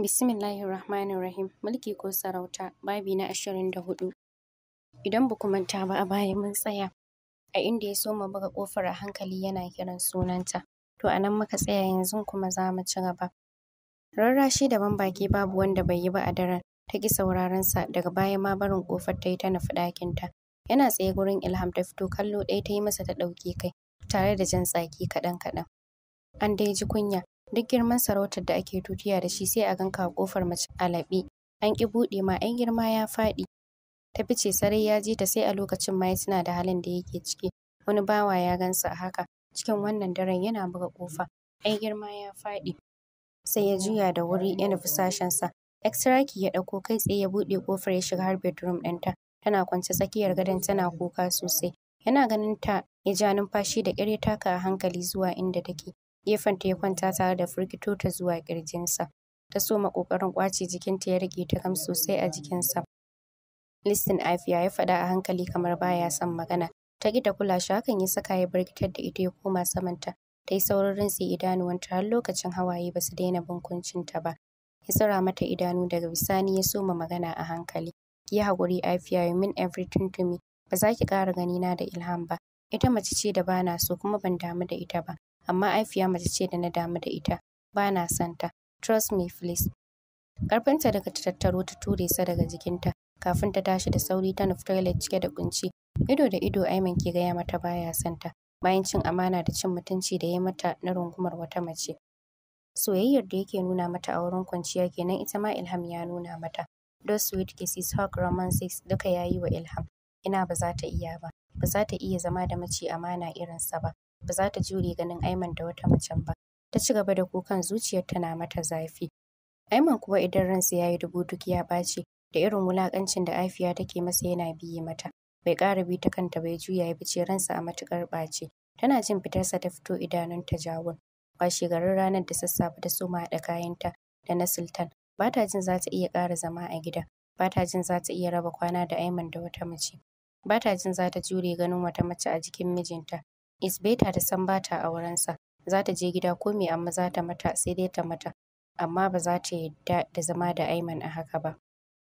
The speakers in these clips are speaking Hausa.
Bismillahir Rahmanir Rahim. Mulki ko sarauta, babi na ashirin da hudu. Idan ba manta ba a baya mun tsaya a inda ya soma buga kofar a hankali yana kiran sunanta. To a nan muka tsaya yanzu kuma za mu ci gaba. Rarrashi da baki babu wanda bai yi ba a daren, ta ki sauraron sa daga baya ma barin kofar ta yi ta nufi ɗakin ta. Yana tsaye gurin Ilham ta fito kallo ɗaya ta yi masa ta ɗauki kai tare da jan tsaki kaɗan kaɗan. An dai ji kunya duk girman sarautar da ake tutiya da shi sai a ganka a kofar mace alaɓe an ƙi buɗe ma ai girma ya faɗi ta fice sarai ya je ta sai a lokacin ma ya da halin da yake ciki wani bawa ya gansa a haka cikin wannan daren yana buga kofa ai girma ya faɗi sai ya juya da wuri ya nufi sashensa extraki ya ɗauko kai tsaye ya buɗe kofar ya shiga har bedroom ɗinta tana kwance tsakiyar gadon tana kuka sosai yana ganin ta ya ja numfashi da ƙyar ya taka a hankali zuwa inda take gefenta ya kwanta tare da firgito ta zuwa kirjinsa. Ta soma ƙoƙarin ƙwace jikinta ya rage ta gam sosai a jikinsa. Listin Afiya ya faɗa a hankali kamar baya son magana. Ta ƙi ta kula shi hakan ya saka ya barkitar da ita ya koma samanta. Ta yi saurin idanu idanuwanta har lokacin hawaye ba su daina bunkuncinta ba. Ya tsira mata idanu daga bisani ya soma magana a hankali. Yi haƙuri Afiya you mean everything to me. Ba za ki ƙara ganina da Ilham ba. Ita mace ce da bana so kuma ban damu da ita ba. amma aifiya mace ce da na damu da ita. Ba na son ta. Trust me please. Ƙarfinta daga ta tattaro ta ture sa daga jikinta kafin ta tashi da sauri ta nufi toilet cike da kunci. Ido da ido Aiman ke gaya mata baya son ta. Bayan cin amana da cin mutunci da ya mata na rungumar wata mace. Soyayyar da yake nuna mata a wurin kwanciya kenan ita ma Ilham ya nuna mata. Those sweet kisses, hug, romances duka ya yi wa Ilham. Ina ba za ta iya ba. Ba za ta iya zama da mace amana irinsa ba. ba za ta jure ganin Aiman da wata macen ba. Ta ci gaba da kukan zuciyar tana mata zafi. Aiman kuwa idan ransa ya yi dubu duk ya ɓaci da irin wulaƙancin da Afiya take masa yana biye mata. Bai ƙara bi ta kanta bai juya ya bice ransa a matuƙar ɓaci. Tana jin fitarsa ta fito idanunta jawo. Ba garin ranar da sassafe ta soma haɗa kayanta da na Sultan. Ba ta jin za ta iya ƙara zama a gida. Ba ta jin za ta iya raba kwana da Aiman da wata mace. Ba ta jin za ta jure ganin wata mace a jikin mijinta. Is beta ta san ba ta aurensa. Za ta je gida ko me amma za ta mata sai dai ta mata. Amma ba za ta yadda da zama da Aiman a haka ba.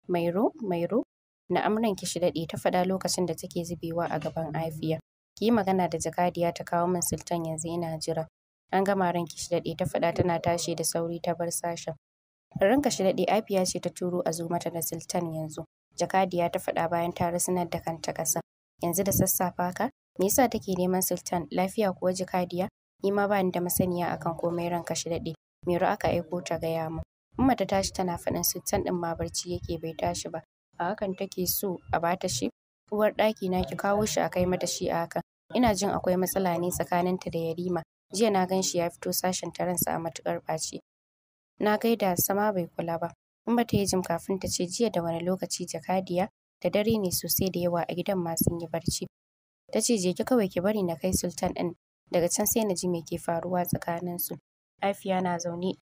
Mairo, Mairo, na'amran ki shi daɗe ta faɗa lokacin da take zubewa a gaban Afiya. Ki magana da jakadiya ta kawo min sultan yanzu ina jira. An gama ran ki shi dade ta faɗa tana tashi da sauri ta bar sashen. Ranka shi daɗe Afiya ce ta turo a zo mata da sultan yanzu. Jakadiya ta faɗa bayan ta nan da kanta kasa Yanzu da sassafa ka, Me yasa take neman Sultan? Lafiya kuwa jikadiya? Ni ma ba ni da masaniya akan komai ranka shi daɗe. Mero aka aiko ta gaya mu Umma ta tashi tana faɗin Sultan ɗin ma barci yake bai tashi ba. A hakan take so a bata shi? Uwar ɗaki na ki kawo shi a kai mata shi a hakan. Ina jin akwai matsala ne tsakaninta da Yarima. Jiya na gan shi ya fito sashen ta ransa a matuƙar ɓaci. Na gaida sama bai kula ba. Umma ta yi jim kafin ta ce jiya da wani lokaci jakadiya da dare ne sosai da yawa a gidan ma sun yi barci. ta ce je ki kawai ki bari na kai sultan ɗin daga can sai na ji me ke faruwa tsakanin su afiya na zaune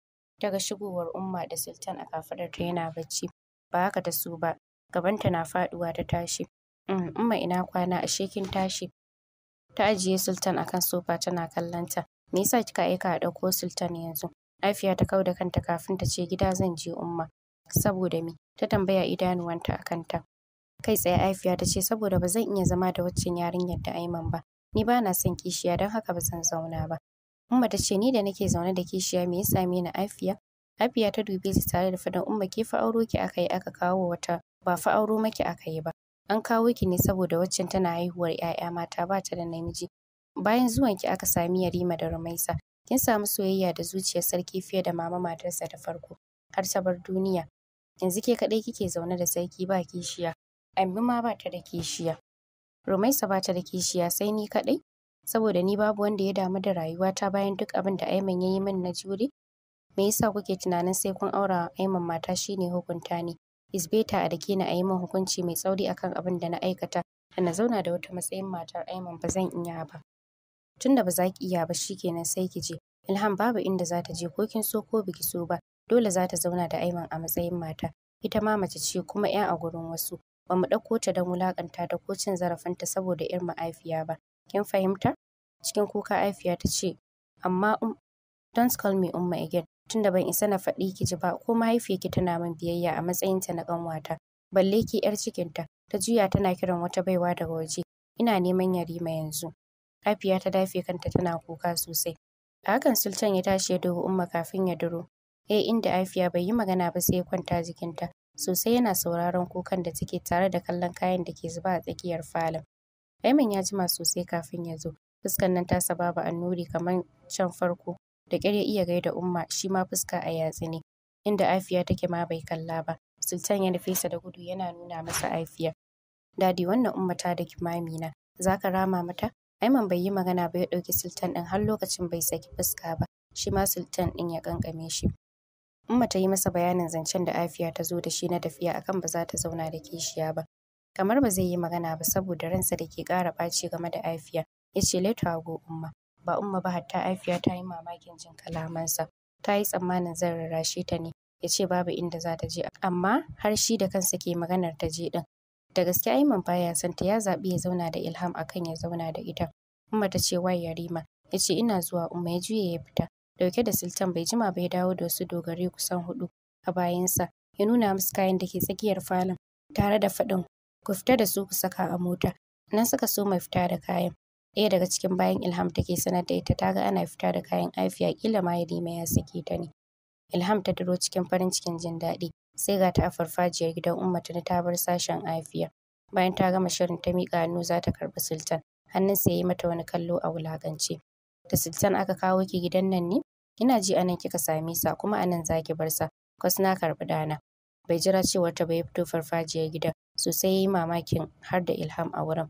daga shigowar umma da sultan a ta yana bacci ba haka ta su ba gabanta na faɗuwa ta tashi mm, umma ina kwana a shekin tashi ta ajiye sultan akan sofa tana kallon me yasa kika aika a ɗauko sultan yanzu afiya ta kau da kanta kafin ta ce gida zan je umma saboda me ta tambaya idanuwanta a kanta Kai tsaye Afiya ta ce saboda ba zan iya zama da waccan yarinyar da Aiman ba. Ni ba na son kishiya don haka ba zan zauna ba. Umma ta ce ni da nake zaune da kishiya me ya same ni Afiya? Afiya ta dube ta tare da fadan Umma ke fa auro ki aka yi aka kawo wata ba fa auro maki aka yi ba. An kawo ki ne saboda waccan tana haihuwar 'ya'ya mata ba ta da namiji. Bayan zuwan ki aka sami Yarima da Rumaisa. Kin samu soyayya da zuciyar sarki fiye da mama matarsa da farko har ta bar duniya. Yanzu ke kaɗai kike zaune da sarki ba kishiya. Ammi ma ba ta da kishiya. Rumaisa ba ta da kishiya sai ni kaɗai, saboda ni babu wanda ya damu da rayuwata bayan duk abin da Aiman ya yi min na jure. Me yasa kuke tunanin sai kun aura Aiman mata Shi ne hukunta ne. Isbeta a dake na a hukunci mai tsauri akan abin da na aikata, da na zauna da wata matsayin matar Aiman ba zan iya ba. Tunda ba za ki iya ba shi shikenan sai ki je. Ilham babu inda za ta je ko kin so ko biki so ba, dole za ta zauna da Aiman a matsayin mata. Ita ma mace ce kuma 'ya a gurin wasu, ba mu ɗauko ta don wulaƙanta da ko cin zarafinta saboda irin ma'aifiya ba kin fahimta cikin kuka aifiya ta ce amma um, don't call me umma again tunda ban isa na faɗi ki ji ba ko mahaifiyarki tana min biyayya a matsayinta na ƙanwata balle ki ‘yar cikinta ta juya tana kiran wata baiwa daga waje ina neman yarima yanzu Afiya ta dafe kanta tana kuka sosai. A hakan Sultan ya tashi ya dubi Umma kafin ya duro. Eh inda Afiya bai yi magana ba sai ya kwanta jikinta. sosai yana sauraron kukan da take tare da kallon kayan da ke zuba a tsakiyar falon. Aiman ya jima sosai kafin ya zo, fuskan nan tasa babu annuri kamar can farko, da ƙyar ya iya gaida Umma shi ma fuska a yatsu ne, inda Afiya take ma bai kalla ba. Sultan ya nufi sa da gudu yana nuna masa Afiya. Dadi wannan Umma ta da kimami na, za ka rama mata? Aiman bai yi magana ba ya ɗauki Sultan ɗin har lokacin bai saki fuska ba, shi ma Sultan ɗin ya ƙanƙame shi. Umma ta yi masa bayanin zancen da Afiya ta zo da shi na tafiya akan ba za ta zauna da kishiya ba. Kamar ba zai yi magana ba saboda ransa da ke ƙara ɓaci game da Afiya. Ya ce later go Umma. Ba Umma ba hatta Afiya ta yi mamakin jin kalamansa. Ta yi tsammanin zan rarrashe ta ne. Ya ce babu inda za ta je. Amma har shi da kansa ke maganar ta je ɗin. Da gaske Aiman baya son ta ya zaɓi ya zauna da Ilham akan ya zauna da ita. Umma ta ce wai Yarima. Ya ce ina zuwa Umma ya juya ya fita. dauke da sultan bai jima bai dawo da wasu dogare kusan hudu a bayansa ya nuna musu kayan da ke tsakiyar falon tare da faɗin ku fita da su ku saka a mota nan suka so mai fita da kayan ɗaya daga cikin bayan ilham take sanar da ita ta ga ana fita da kayan afiya kila ma lima ya sake ta ne ilham ta duro cikin farin cikin jin daɗi sai ga ta a farfajiyar gidan ummata na ta bar sashen aifiya. bayan ta gama shirin ta miƙa hannu za ta karɓi sultan sai ya yi mata wani kallo a wulaƙance da sultan aka kawo ki gidan nan ne Ina ji anan kika same sa kuma anan zaki bar sa kwas na karbi dana Bai jira cewa ta bai fito farfajiyar gidan sosai yayi mamakin har da Ilham a wurin.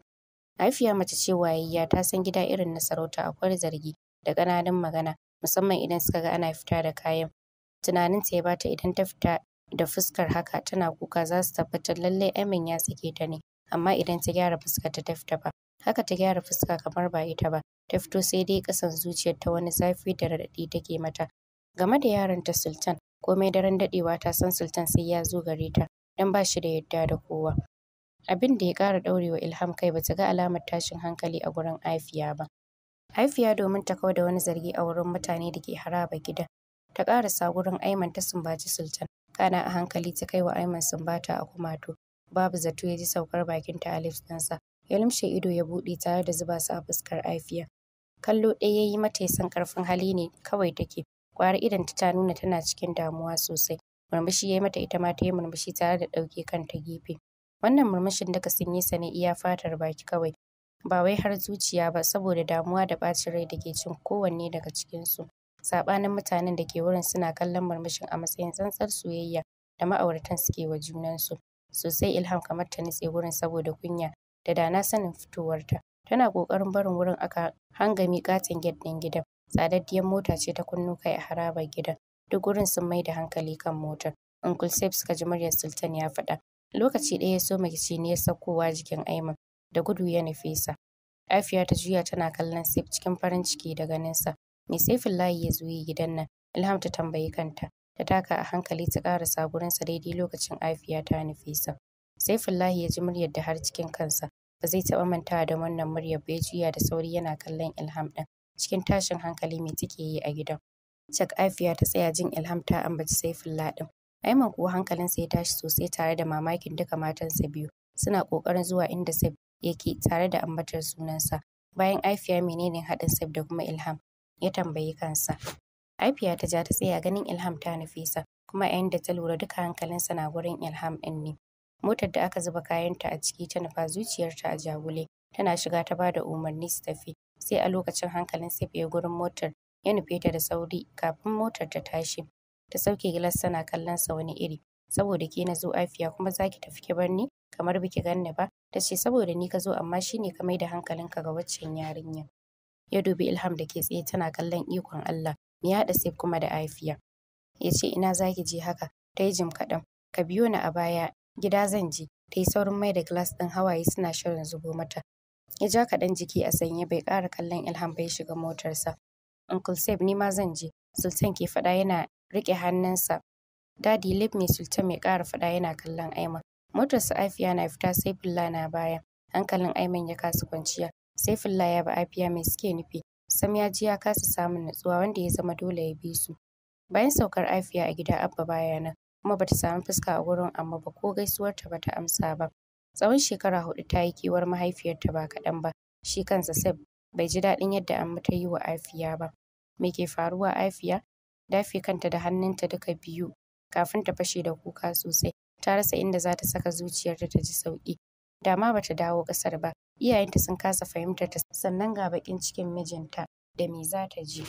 Haifiya mace ce wayayya ta san gida irin na sarauta akwai zargi da kananan magana musamman idan suka ga ana fita da kayan. Tunaninta ya bata idan ta fita da fuskar haka tana kuka za su tabbatar lallai Amin ya sake ta ne amma idan ta gyara fuskar ta fita ba. haka ta gyara fuska kamar ba ita ba ta fito sai dai kasan zuciyar ta wani zafi da raɗaɗi take mata game da yaron ta sultan komai daren daɗewa ta san sultan sai ya zo gare ta dan ba shi da yadda da kowa abin da ya ƙara ɗaurewa ilham kai ba ta ga alamar tashin hankali a gurin aifiya ba aifiya domin ta kau da wani zargi a wurin mutane da ke haraba gidan ta sa gurin aiman ta sumbaci sultan kana a hankali ta kai wa aiman sumbata a kumato babu zato ya ji saukar bakin ta alif ɗinsa ya lumshe ido ya buɗe tare da zuba su a fuskar Afiya. Kallo ɗaya ya yi mata yasan ƙarfin hali ne kawai take. kwara idan ta nuna tana cikin damuwa sosai. Murmushi ya yi mata ita ma ta yi murmushi tare da ɗauke kanta gefe. Wannan murmushin daga sun yi sa ne iya fatar baki kawai. Ba wai har zuciya ba saboda damuwa da ɓacin rai da ke cin kowanne daga cikinsu. Saɓanin mutanen da ke wurin suna kallon murmushin a matsayin tsantsar soyayya da ma'auratan suke wa junansu. Sosai Ilham kamar ta nutse wurin saboda kunya da dana sanin fitowarta. Tana ƙoƙarin barin wurin aka hangami katin gate ɗin gidan. Tsadaddiyar mota ce ta kunnu kai a harabar gidan. Duk gurin sun mai da hankali kan motar. Uncle Sep suka ji muryar Sultan ya faɗa. Lokaci ɗaya ya so ya saukowa jikin Aiman. Da gudu ya nufe sa. Afiya ta juya tana kallon Sef cikin farin ciki da ganinsa. Me Saifin layi ya zo gidan nan? Ilham ta tambayi kanta. Ta taka a hankali ta ƙarasa gurinsa daidai lokacin Afiya ta nufe sa. Saifullahi ya ji muryar da har cikin kansa. Ba zai taɓa mantawa da wannan muryar ba ya juya da sauri yana kallon Ilham ɗin. Cikin tashin hankali mai take yi a gidan. Cak Afiya ta tsaya jin Ilham ta ambaci Saifullah ɗin. Aiman kuwa hankalinsa ya tashi sosai tare da mamakin duka matansa biyu. Suna kokarin zuwa inda Saif yake tare da ambatar sunansa. Bayan Afiya menene haɗin Saif da kuma Ilham? Ya tambayi kansa. Afiya ta ja ta tsaya ganin Ilham ta nufesa kuma yayin da ta lura duka hankalinsa na gurin Ilham ɗin ne. motar da aka zuba kayanta a ciki ta nufa zuciyarta a jagule tana shiga ta bada umarni su tafi sai a lokacin hankalin sai ya gurin motar ya nufe ta da sauri kafin motar ta tashi ta sauke gilas tana kallon sa wani iri saboda ke na zo afiya kuma zaki tafi ki bar ni kamar biki ganni ba ta ce saboda ni ka zo amma shine ka mai da ka ga waccan yarinya ya dubi ilham da ke tsaye tana kallon ikon Allah ya da sai kuma da afiya ya ce ina zaki je haka ta yi jim kaɗan ka biyo ni a baya Gida zan je. Ta yi saurin mai da glass ɗin hawaye suna shirin zubo mata. Ya ja kaɗan jiki a sanye bai ƙara kallon Ilham bai shiga motarsa. Uncle Seb ni ma zan je. Sultan ke faɗa yana riƙe hannunsa. Daddy Lip mai Sultan mai ƙara faɗa yana kallon Aiman. Motarsa Afiya na fita sai Fulla na baya. Hankalin Aiman ya kasa kwanciya. Sai Fulla ya bi Afiya mai suke nufi. Sam ya ji ya kasa samun natsuwa wanda ya zama dole ya bi su. Bayan saukar Afiya a gida Abba baya nan. kuma bata samu fuska a gurin amma ba ko gaisuwarta bata amsa ba tsawon shekara hudu ta yi kewar mahaifiyarta ba kaɗan ba shi kansa Sef bai ji daɗin yadda Amma ta yi wa Afiya ba me ke faruwa Afiya dafe kanta da hannunta duka biyu kafin ta fashe da kuka sosai ta rasa inda za ta saka zuciyarta ta ji sauki da ma bata dawo ƙasar ba iyayenta sun kasa fahimtar ta sannan ga baƙin cikin mijinta da me za zata je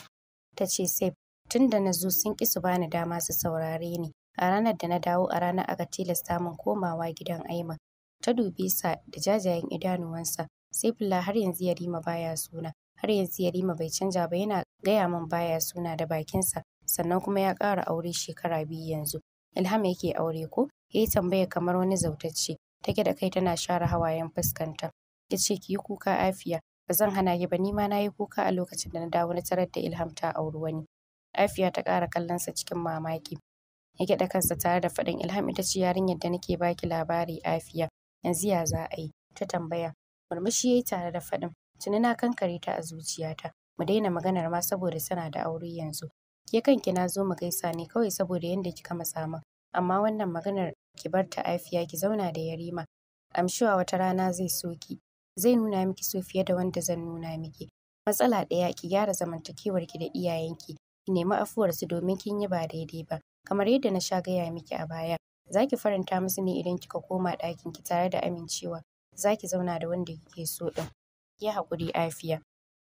ce Sef tunda nazo sun ƙi su bani dama su saurare ni A ranar da na dawo a ranar aka tilasta min komawa gidan Aiman. Ta dubi sa da jajayen idanuwansa. Fila har yanzu Yarima baya suna. Har yanzu Yarima bai canja ba yana gaya min baya suna da bakinsa. Sannan kuma ya ƙara aure shekara biyu yanzu. Ilham yake aure ko? Ya yi tambaya kamar wani zautacce. Ta da kai tana share hawayen fuskanta. Ya ce ki yi kuka Afiya. Ba zan hana ki ba ni ma na yi kuka a lokacin da na dawo na tarar da Ilham ta auri wani. Afiya ta ƙara kallon sa cikin mamaki. ya gyaɗa kansa tare da faɗin Ilham ita ce yarinyar da nake baki labari Afiya. Yanzu ya za a yi? Ta tambaya. Murmushi ya yi tare da faɗin. Tuni na kankare ta a zuciyata. Mu daina maganar ma saboda tana da aure yanzu. Ke ki na zo mu gaisa ne kawai saboda yadda kika matsa sama Amma wannan maganar ki bar ta Afiya ki zauna da Yarima. Amshuwa wata rana zai so ki. Zai nuna miki so fiye da wanda zan nuna miki. Matsala ɗaya ki gyara zamantakewar ki da iyayenki. Ki nemi afuwarsu domin kin yi ba daidai ba. Kamar yadda na sha gaya miki a baya, za ki faranta musu ne idan kika koma ɗakin ki tare da amincewa za ki zauna da wanda kike so ɗin. Ki hakuri Afiya.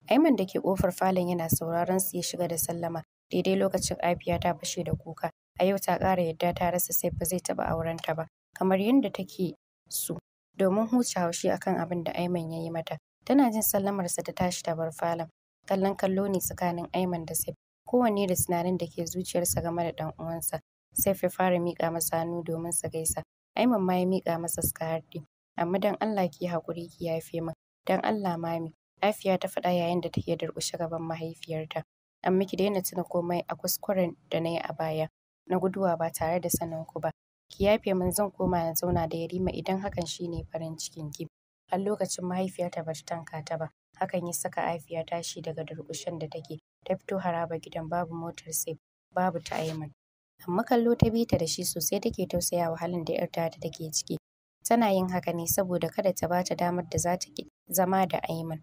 Aiman da ke kofar falon yana sauraron su ya shiga da sallama. Daidai lokacin Afiya ta fashe da kuka. A yau ta ƙara yadda ta rasa sai ba zai taɓa ta ba. Kamar yadda take su Domin huce haushi akan abin da Aiman ya yi mata. Tana jin sallamar sa ta tashi ta bar falon. Kallon kallo ne tsakanin Aiman da Saif. kowanne da sinarin da ke zuciyarsa game da ɗan uwansa. sai ya fara miƙa masa hannu domin su gaisa. Aiman ma ya miƙa masa suka haɗe. Amma dan Allah ki haƙuri ki yafe min. Don Allah mami. Afiya ta faɗa yayin da take durƙushe gaban mahaifiyarta. Amma ki daina tuna komai a kuskuren da na yi a baya. Na guduwa ba tare da sanin ku ba. Ki yafe min zan koma na zauna da Yarima idan hakan shine farin cikin ki. Har lokacin mahaifiyarta ba ta tanka ta ba. Hakan ya saka Afiya tashi daga durƙushen da take. ta fito haraba gidan babu motar sai babu ta Aiman. Amma kallo ta bi ta da shi sosai take tausaya wa halin da ‘yarta ta take ciki. Tana yin haka ne saboda kada ta bata damar da za ta zama da Aiman.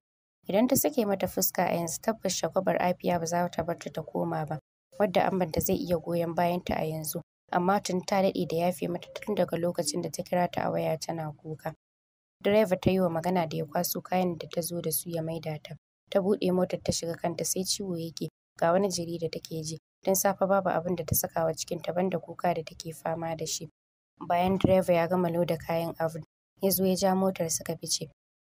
Idan ta sake mata fuska a yanzu tabbas shagwabar Afiya ba za ta bar ta ta koma ba, wadda Amban ta zai iya goyon bayan ta a yanzu. Amma tun ta daɗe da yafe mata tun daga lokacin da ta kira ta a waya tana kuka. Direba ta yi wa magana da ya kwaso kayan da ta zo da su ya maida ta. ta buɗe motar ta shiga kanta sai ciwo yake ga wani jiri da take ji Don safe babu abin da ta saka wa ta banda kuka da take fama da shi bayan direba ya gama loda kayan abu ya zo ya ja motar suka fice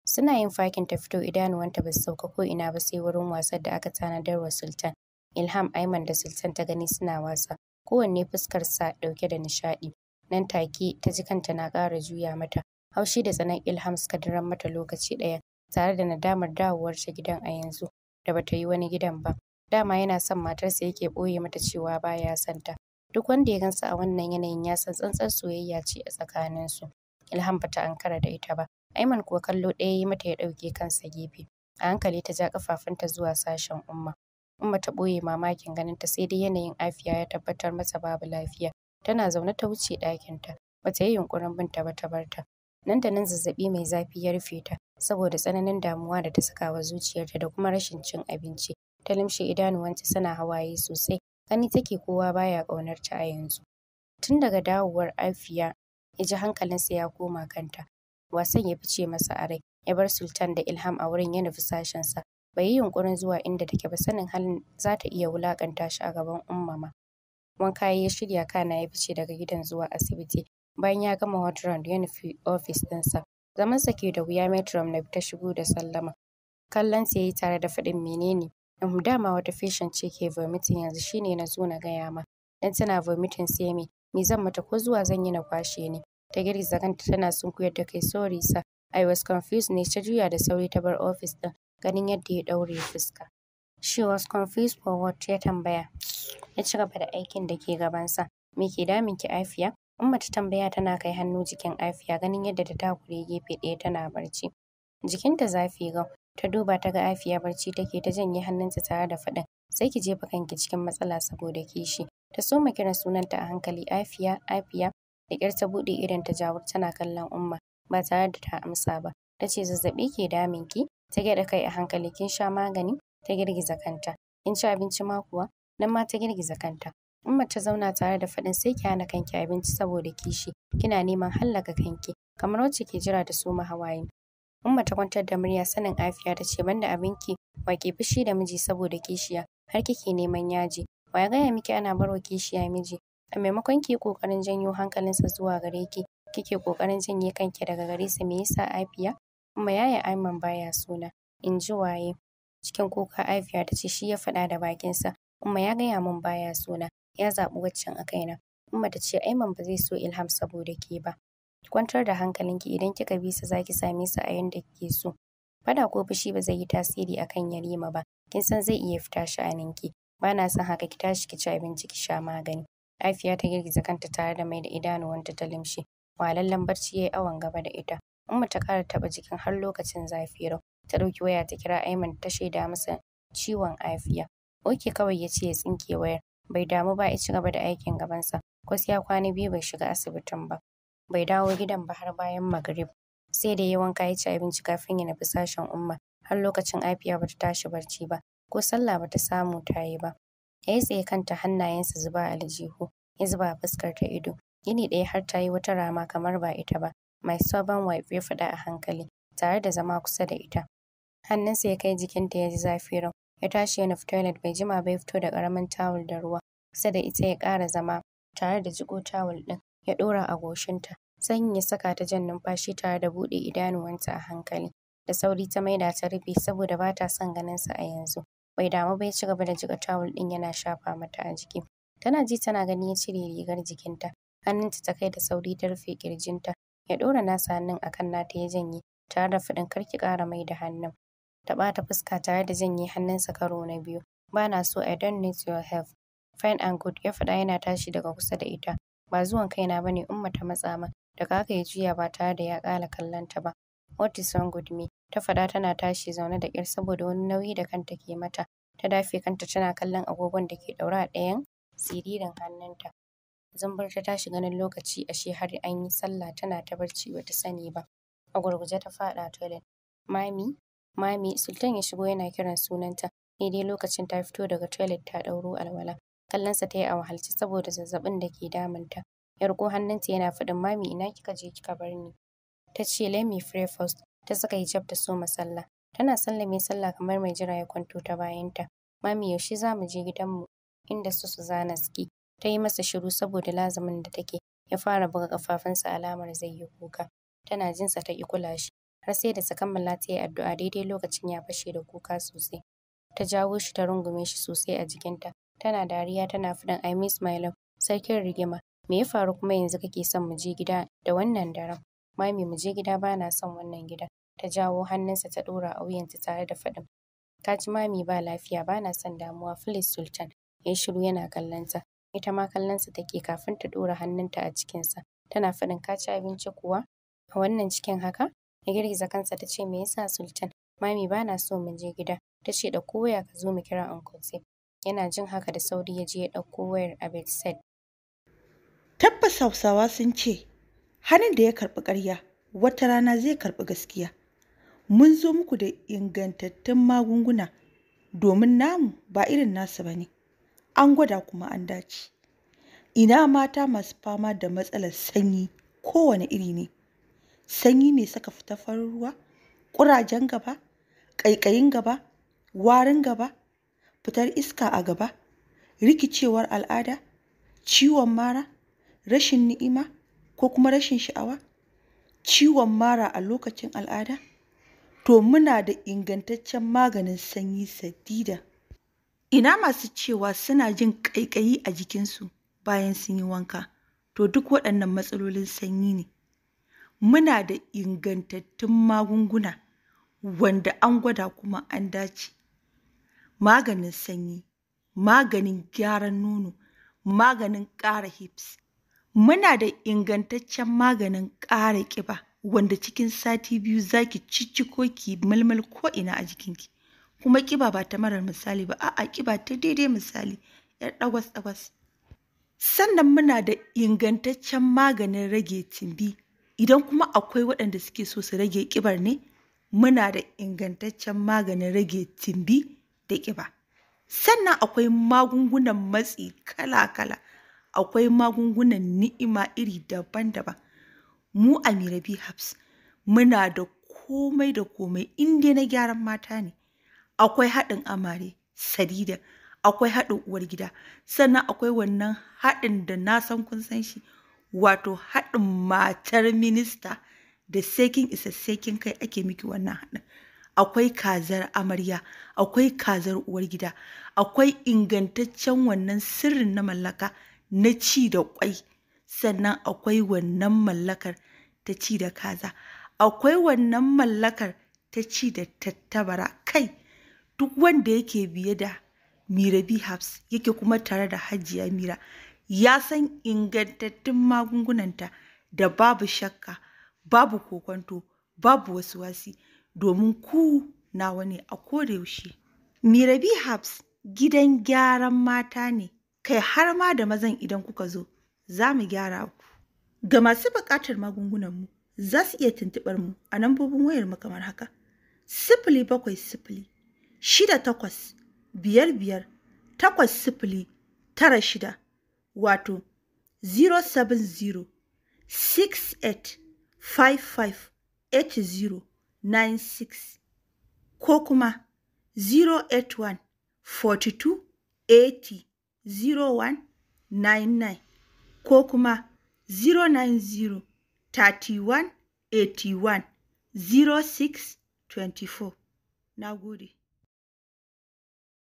suna yin fakin ta fito idanuwanta ba su sauka ko ina ba sai wurin wasan da aka tanadar wa sultan ilham aiman da sultan ta gani suna wasa kowanne fuskar sa dauke da nishaɗi nan take ta ji kanta na ƙara juya mata haushi da tsanan ilham suka daren mata lokaci ɗaya tare da nadamar dawowarsa gidan a yanzu da bata yi wani gidan ba. Dama yana son matarsa yake ɓoye mata cewa baya son ta. Duk wanda ya gansa a wannan yanayin ya san tsantsar soyayya ce a tsakanin su Ilham bata ankara da ita ba. Aiman kuwa kallo ɗaya yi mata ya ɗauke kansa gefe. A hankali ta ja kafafunta zuwa sashen Umma. Umma ta boye mamakin ganinta sai dai yanayin Afiya ya tabbatar masa babu lafiya. Tana zaune ta wuce ɗakinta. Bata yi yunƙurin binta ba ta barta. Nan da nan zazzaɓi mai zafi ya rufe ta saboda tsananin damuwa da ta sakawa zuciyarta da kuma rashin cin abinci. Ta limshe idanuwanta suna hawaye sosai, gani take kowa baya ta a yanzu. Tun daga dawowar Afiya ya ji hankalinsa ya koma kanta. Wasan ya fice masa a rai, ya bar Sultan da Ilham a wurin ya nufi Bai yi yunkurin zuwa inda take ba sanin halin za ta iya wulakanta shi a gaban umma Ummama. Wanka ya shirya kana ya fice daga gidan zuwa asibiti. Bayan ya gama hot round ya nufi ofis ɗinsa. Zamansa ke da wuya metro na ta shigo da sallama. Kallon ya yi tare da faɗin menene. Um, dama wata fashion ce ke vomiting yanzu shine na zo na gaya ma. Dan tana vomiting sai me. Me zan mata ko zuwa zan yi na kwashe ne. Ta girgiza kanta tana sunkuyar da kai sorry sa. I was confused ne ta juya da sauri ta bar ofis ɗin ganin yadda ya ɗaure fuska. She was confused for what ya tambaya. Ya ci gaba da aikin da ke gabansa. Me ke damin ki Afiya? Umma ta tambaya tana kai hannu jikin Afiya ganin yadda ta takure gefe ɗaya tana barci. Jikinta zafi gau. Ta duba ta ga Afiya barci take ta janye hannunta tare da faɗin sai ki jefa kanki cikin matsala saboda kishi. Ta soma kiran sunanta a hankali Afiya, Afiya. Da ƙyar ta buɗe idon ta jawur tana kallon Umma ba tare da ta amsa ba. Ta ce zazzaɓi ke damin ki? Ta gyaɗa kai a hankali kin sha magani? Ta girgiza kanta. Kin ci abinci ma kuwa? Nan ma ta girgiza kanta. Umma ta zauna tare da faɗin sai ki hana kanki abinci saboda kishi, kina neman hallaka kanki, kamar wacce ke jira da soma hawaye. Umma ta kwantar da murya sanin afiya ta ce banda abinki wa ke fushi da miji saboda kishiya har kike neman yaji. Wa ya gaya miki ana barwa kishiya miji? A maimakon ki kokarin ƙoƙarin janyo hankalinsa zuwa gare ki, kike ƙoƙarin janye kanki daga gare sa me yasa afiya? Umma yaya Aiman baya suna, in ji waye. Cikin kuka afiya ta ce shi ya faɗa da bakinsa, Umma ya gaya min baya suna, ya zaɓi waccan a kaina. Umma ta ce Aiman ba zai so Ilham saboda ke ba. Ki kwantar da hankalinki idan kika bi su za ki same su a yanda kike so. Fada ko fushi ba zai yi tasiri akan Yarima ba. Kin san zai iya fita sha'aninki. Ba na son haka ki tashi ki ci abinci ki sha magani. Afiya ta girgiza kanta tare da mai da idanuwanta ta limshi. Walallen barci ya yi awon gaba da ita. Umma ta ƙara taɓa jikin har lokacin zafi rau. Ta ɗauki waya ta kira Aiman ta shaida masa ciwon afiya. Oke kawai ya ce ya tsinke wayar. bai damu ba ya ci gaba da aikin gabansa ya kwana biyu bai shiga asibitin ba bai dawo gidan ba har bayan magrib sai da ya wanka ya ci abinci kafin ya nufi sashen umma har lokacin afiya bata tashi barci ba ko sallah bata samu ta yi ba ya yi tsaye kanta hannayensa zuba aljihu ya zuba fuskar ta ido Gini ɗaya har ta yi wata rama kamar ba ita ba mai sabon wife ya faɗa a hankali tare da zama kusa da ita hannunsa ya kai jikinta ya ji zafi rau ya tashi yana fita toilet bai jima bai fito da ƙaramin tawul da ruwa kusa da ita ya ƙara zama tare da jiƙo tawul ɗin ya ɗora a goshinta sanyin ya saka ta jan numfashi tare da buɗe idanuwanta a hankali da sauri ta maida ta rufe saboda ba ta son ganinsa a yanzu bai damu ba ya ci gaba da jiƙa tawul ɗin yana shafa mata a jiki tana ji tana gani ya cire rigar jikinta hannunta ta kai da sauri ta rufe kirjinta ya ɗora nasa hannun akan nata ya janye tare da faɗin kar ki ƙara mai da hannun ta ɓata fuska tare da zan janye hannunsa karo na biyu. "Ba na so, I don't need your help." "Fine and good," ya faɗa yana tashi daga kusa da ita. "Ba zuwan kaina ba ne, Umma ta matsa ma Daga haka ya juya ba tare da ya ƙara kallon ba. "What is wrong with me?" ta faɗa tana tashi zaune da ƙyar saboda wani nauyi da kanta ke mata. Ta dafe kanta tana kallon agogon da ke ɗaure a ɗayan siririn hannunta. zambar ta tashi ganin lokaci ashe har an yi sallah tana ta barci bata sani ba. A gurguje ta faɗa toilet. "Mami!" Mami, Sultan ya shigo yana kiran sunanta. dai lokacin ta fito daga toilet ta ɗauro alwala. Kallonsa ta yi a wahalci saboda zazzabin da ke damunta. Ya riko hannunta yana faɗin Mami ina kika je kika bar ni. Ta ce let me pray first. Ta saka hijab ta soma sallah. Tana sallame sallah kamar mai jira ya kwanto ta bayanta. Mami yaushe za mu je gidanmu inda su zana suke. Ta yi masa shiru saboda lazumin da take. Ya fara buga kafafunsa alamar zai yi kuka. Tana jinsa ta ƙi kula shi. har sai da ta kammala ta yi addu'a daidai lokacin ya fashe da kuka sosai. Ta jawo shi ta rungume shi sosai a jikinta. Tana dariya tana faɗin I miss my love, sarkin rigima. Me ya faru kuma yanzu kake son mu je gida da wannan daren? Mami mu je gida ba na son wannan gida. Ta jawo hannunsa ta ɗora a wuyanta tare da faɗin. Ka ji mami ba lafiya ba na son damuwa Phyllis Sultan. Ya shiru yana kallonta. Ita ma kallonsa take kafin ta ɗora hannunta a cikinsa. Tana faɗin ka ci abinci kuwa? A wannan cikin haka? Ya girgiza kansa ta ce me yasa Sultan? Mami ba na so mu je gida. Ta ce ɗauko waya ka zo mu kira Uncle Yana jin haka da sauri ya je ya ɗauko wayar a Said. Tabbas Hausawa sun ce hannun da ya karɓi ƙarya wata rana zai karɓi gaskiya. Mun zo muku da ingantattun magunguna domin namu ba irin nasu ba ne. An gwada kuma an dace. Ina mata masu fama da matsalar sanyi kowane iri ne. sanyi ne saka fita farin ruwa ƙurajen gaba ƙaiƙayin gaba warin gaba fitar iska a gaba rikicewar al'ada ciwon mara rashin ni'ima ko kuma rashin sha'awa ciwon mara a lokacin al'ada to muna da ingantaccen maganin sanyi sadida ina masu cewa suna jin ƙaiƙayi a jikinsu bayan sun yi wanka to duk waɗannan matsalolin sanyi ne Muna da ingantattun magunguna wanda an gwada kuma an dace. Maganin sanyi, maganin gyaran nono, maganin ƙara hips. Muna da ingantaccen maganin ƙara ƙiba wanda cikin sati biyu zaki ki cicciko ki malmal ko'ina a jikinki. Kuma ƙiba ba ta marar misali ba, a'a ƙiba ta daidai misali, 'yar ɗagwas-ɗagwas. Sannan muna da ingantaccen maganin rage tumbi Idan kuma akwai waɗanda suke so su rage ƙibar ne, muna da ingantaccen maganin rage timbi da ƙiba. Sannan akwai magungunan matsi kala-kala, akwai magungunan ni'ima iri daban-daban. Mu a Mirabi habs muna da komai da komai in na gyaran mata ne. Akwai haɗin amare, sadida, akwai haɗin uwar gida. sannan akwai wannan haɗin da na san kun san shi wato haɗin matar minista da sekin isa sekin kai ake miki wannan haɗin akwai kazar amarya akwai kazar uwar gida akwai ingantaccen wannan sirrin na mallaka na ci da kwai sannan akwai wannan mallakar ta ci da kaza akwai wannan mallakar ta ci da tattabara kai duk wanda yake biye da mirabi habs yake kuma tare da hajiya mira ya san ingantattun magungunanta da babu shakka, babu kokwanto, babu wasu wasi domin ku na wani a koda yaushe. Mirabi habs gidan gyaran mata ne, kai har ma da mazan idan kuka zo, za mu gyara ku. Ga masu buƙatar magungunanmu, za su iya tuntuɓar mu a lambobin wayar mu kamar haka. Sifili bakwai sifili, shida takwas, biyar biyar, takwas sifili, tara shida. wato 070-6855-8096 ko kuma 081 42 80 0199 ko kuma 090 31 81 06 24. Na gode.